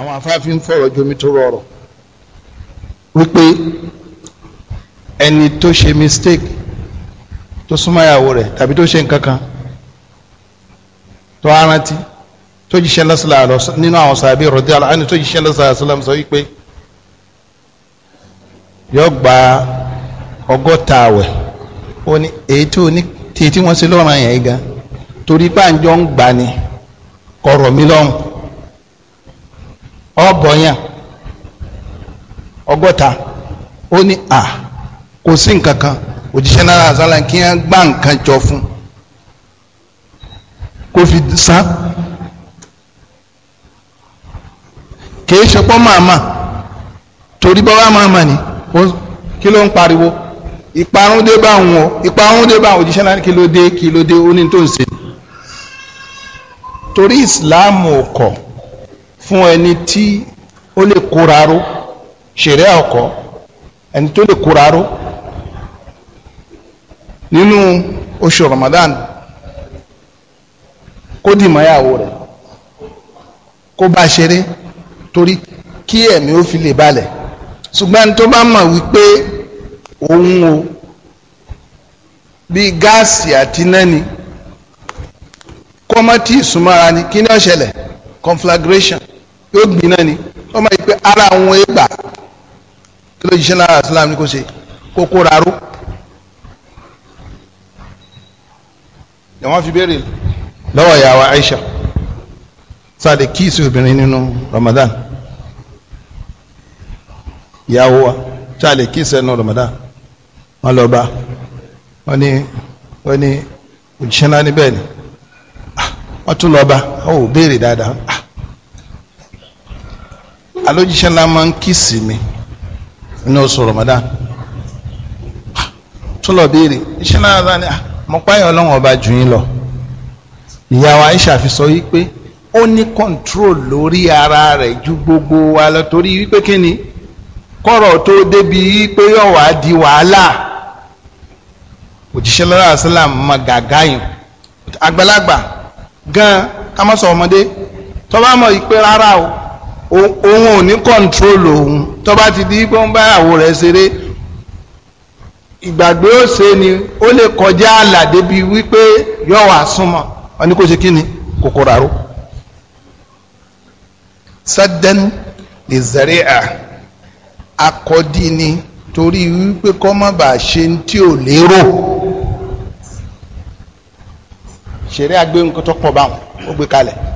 àwọn afáfin fọ̀rọ̀ jomi tó rọrọ̀ wípé ẹni tó ṣe mistake tó súnmọ́ ìyàwó rẹ̀ tàbí tó ṣe nǹkan kan tó arántí tó jíṣẹ́ lọ́sọ̀lá nínú àwọn sàbí rọ̀dí aláàánú tó jíṣẹ́ lọ́sọ̀lá sọ wípé yóò gba ọgọ́ta àwẹ̀ ó ní èyí tó ní tí wọ́n ṣe lọ́ràn yẹn gan torí pàǹjọ́ ń gbani kọ̀rọ̀ mi lọ́rùn ọgọyàn ọgọ́ta ó ní a, kò sí nǹkan kan òjíṣẹ́ náírà àzálà kí wọ́n gbá nǹkan jọ fún kó fi san kìí ṣe pọ́ màmá torí bọ́wá màmá ni kí ló ń pariwo ìparun dé bá wọn o ìparun dé bá òjíṣẹ́ náírà kí ló dé kí ló dé ó ní tó ń ṣe torí ìsìláàmù ò fún ẹni tí ó lè kóra ró ṣeré ọkọ ẹni tó lè kóra nínú oṣù Ramadan kó dì mọ́yàwó rẹ̀ kó bá ṣeré torí kí ẹ̀mí ó fi lè balẹ̀ ṣùgbọ́n tó bá mọ̀ wípé òun o bíi gáàsì àti nẹ́ni kọ́mọ́tì ìsúnmọ́ra ni kí ni ó conflagration yóò gbìn náà ni wọ́n máa yí pé ara àwọn ẹgbà kí ló jíṣẹ́ lára islam ní kò ṣe kókó rárú. ìwọ́n fi béèrè lọ́wọ́ ìyàwó Aisha sáde kíìsì obìnrin nínú Ramadan ìyàwó wa sáde kíìsì ẹnu Ramadan wọ́n lọ bá wọ́n ní wọ́n ní òjíṣẹ́ náà níbẹ̀ ni ah, wọ́n tún lọ bá wọ́n ò béèrè dáadáa. Ah, alójíṣẹ́ ńlá máa kìsì mi ní oṣù Ramadan tún lọ ya iṣẹ́ náà ah, ọba lọ ìyá Aisha fi sọ wípé ó ní control lórí ara rẹ ju gbogbo wa lọ torí wípé kí ni tó débi wípé yóò wá di wàhálà òjíṣẹ́ mọ gàgá sọ ọmọdé bá mọ̀ rárá òun ò ní kọ́ńtrol òun tó bá ti di pé ń bá ìyàwó rẹ̀ ṣeré ìgbàgbé ó ṣe ni ó lè kọjá àlà débi wípé yóò wá súnmọ́ wọn ni kò ṣe kí ni kòkòrò àrò sudden ìzẹ̀rẹ́à akọ́dí ni torí wípé kọ́ má bàa ṣe ń tí ò lérò ṣeré agbé nǹkan tó pọ̀ báwọn ó gbé kalẹ̀.